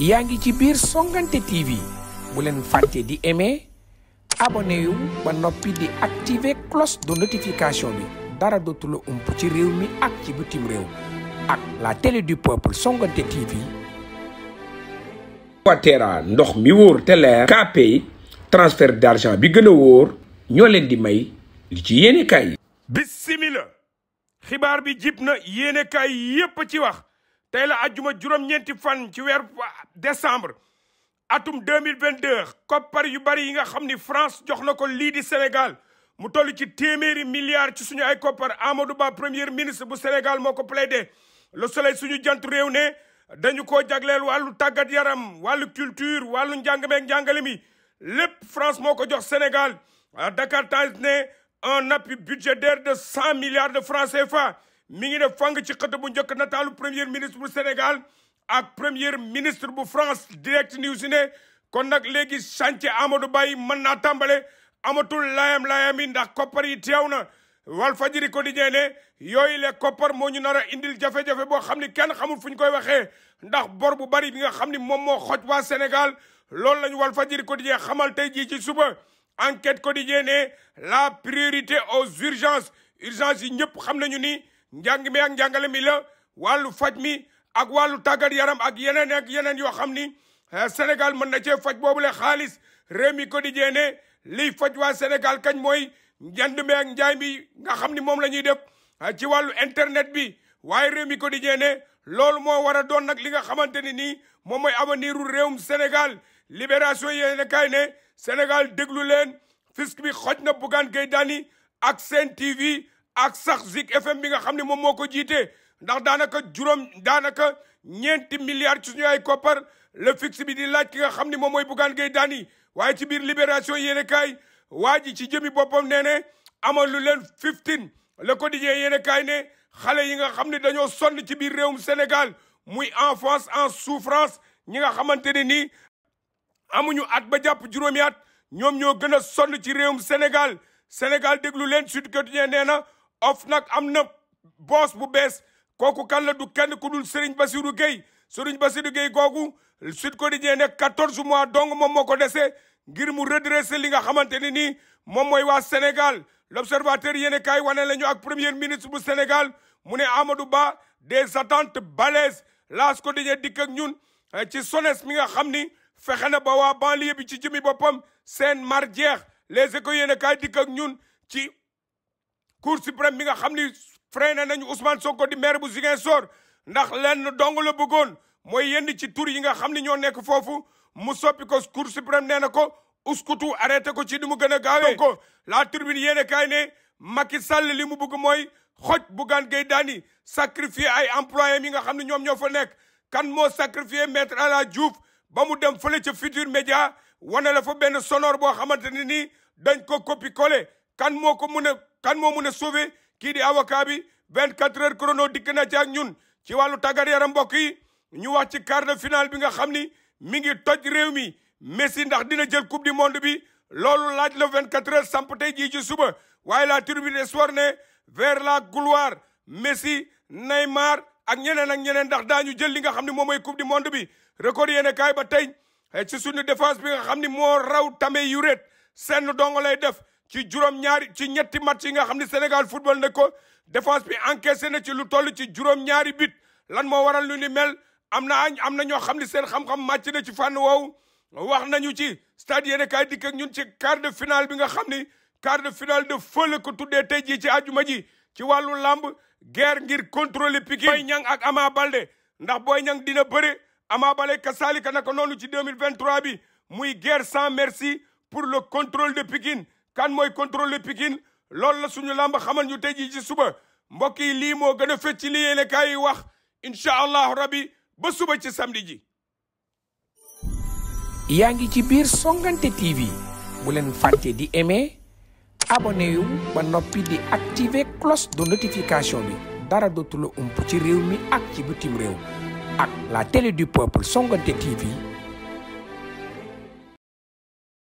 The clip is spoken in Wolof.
yaa ngi ci biir Songuanté TV bu leen fàtte di aimer abonné yu ba noppi di activer cloche de notification bi dara dootu la ump ci réew mi ak ci bitim réew ak la télé du peuple Songuanté TV. Aquaterra ndox mi wóor te leer. KPay transfert d'argent bi gën a wóor ñoo leen di may li ci yéene kaay yi. xibaar bi jib na yéene kaay yépp ci wax. tey la ajjuma juróom-ñeenti fan ci weeru décembre atum 2022 koppar yu bari yi nga xam ni France jox na ko lii di Sénégal mu toll ci téeméeri milliards ci suñu ay koppar Amadou Ba premier ministre bu Sénégal moo ko plaidé le soleil suñu jant réew ne dañu ko jagleel wàllu tàggat yaram wàllu culture wàllu njàng meek njàngale mi lépp France moo ko jox Sénégal Dakar Times ne un appui budgétaire de cent milliards de francais CFA mi ngi def fang ci xët bu njëkk nataalu premier ministre bu Sénégal ak premier ministre bu France direct news ne kon nag léegi chantier Amadou Ba yi mën naa tàmbale amatul layam layam yi ndax koppar yi teew na Walfadjri quotidien ne yooyu le koppar moo ñu nar indil jafe-jafe boo xam ni kenn xamul fu ñu koy waxee ndax bor bu bari bi nga xam ni moom moo xoj waa Sénégal loolu lañu Walfadjri quotidien xamal tey jii ci suba enquête quotidien ne la priorité aux urgences urgences yi ñëpp xam nañu ni njàng mi ak njàngale mi la wàllu faj mi ak wàllu tàggat yaram ak yeneen ak yeneen yoo xam ni eh, Sénégal mën na cee faj boobule xaalis réew mi quotidien ne liy faj waa Sénégal kañ mooy njënd mi ak njaay mi nga xam ni moom la ñuy def eh, ci wàllu internet bi waaye réew mi quotidien loolu moo war a doon nag li nga xamante ni nii moom mooy avenir u réewum Sénégal libération yéene kaay ne Sénégal déglu leen fisc bi xoj na Bougane Gueye Dany ak Sen TV ak sax Zik FM bi nga xam ne moom moo ko jiite ndax daanaka juróom daanaka ñeenti milliards ci suñu ay koppar le fixe bi di laaj ki nga xam ne moom mooy Bougane Gueye Dany waaye ci biir libération yéene kaay waa ji ci jëmi boppam nee ne amal lu leen 15 le quotidien yéene kaay ne xale yi nga xam ne dañoo sonn ci biir réewum Sénégal muy enfance en souffrance ñi nga xamante ne nii amuñu at ba jàpp juróomi at ñoom ñoo gën a sonn ci réewum Sénégal Sénégal déglu leen Sud nee na of nag am na boos bu bees kooku kan la du kenn ku dul Serigne Bassirou Gueye Serigne Bassirou Gueye kooku Sud Quotidien ne quatorze mois dong moom moo ko dese ngir mu redresser li nga xamante ne nii moom mooy waa Sénégal l'observateur yéene kaay wane la ñu ak premier ministre bu Sénégal mu ne Amadou Ba des attentes balèzes laas ko dañee dikk ak ñun eh, ci SONES mi nga xam ni fexe na ba waa banlieue bi ci jëmi boppam seen mar jeex les écoles yéene kaay dikk ak ñun ci cour suprême bi nga xam ni freiné nañu Ousmane ko di maire bu Ziguinchor ndax na dong la bëggoon mooy yenn ci tur yi nga xam ni ñoo nekk foofu mu soppi ko cour suprême nee na ko uskutu arrêté ko ci di mu gën a gaawee ko la tribune yéene kaay ne Macky Sall li mu bëgg mooy xoj Bougane Gueye Dany sacrifier ay employé yi nga xam ne ñoom ñoo fa nekk kan moo sacrifier maître Ala Diouf ba mu dem fële ca Futur Média wane la fa benn sonore boo xamante ne nii dañ ko copier coller kan moo ko mën a kan moo mun a sauver kii di avocat bi 24 heures chrono dikk na ci ak ñun ci wàllu tàggat yara mbokk yi ñu wax ci quart de finale bi nga xam ni mi ngi toj réew mi Messi ndax dina jël coupe du monde bi loolu laaj la 24 heures samp tey jii ci suba waaye la tribune sport ne vers la gloire Messi Neymar ak ñeneen ak ñeneen ndax daañu jël li nga xam ne moom mooy coupe du monde bi record yéene kaay ba tey ci suñu défense bi nga xam ni moo raw tame yuret seen dong lay def ci juróom-ñaari ci ñetti mat yi nga xam ne Sénégal football na ko défense bi encaissé na ci lu toll ci juróom-ñaari bit lan moo waral lu ni mel am na am na ñoo xam ne seen xam-xam màcc na ci fànn woowu wax nañu ci stade yéen kaay dikk ak ñun ci quart de finale bi nga xam ni quart de finale de fële ko tuddee tey ji ci àjjuma ji ci wàllu làmb guerre ngir contrôler Pikine Boy Niang ak Ama Baldé ndax Boy Niang dina bëre Ama Baldé kasaalika naka noonu ci 2023 bi muy guerre sans merci pour le contrôle de Pikine kan mooy contrôler Pikine loolu la suñu làmba xamal ñu te ji ci suba mbokk yi lii moo gën a fecc li yéene kaay yi wax incha allah rabbi ba suba ci samedi ji. yaa ngi ci biir Songuanté TV bu leen fàtte di aimer abonné yu ba noppi di activer cloche de notification bi dara dootu la ump ci réew mi ak ci bitim réew ak la télé du peuple Songuanté TV.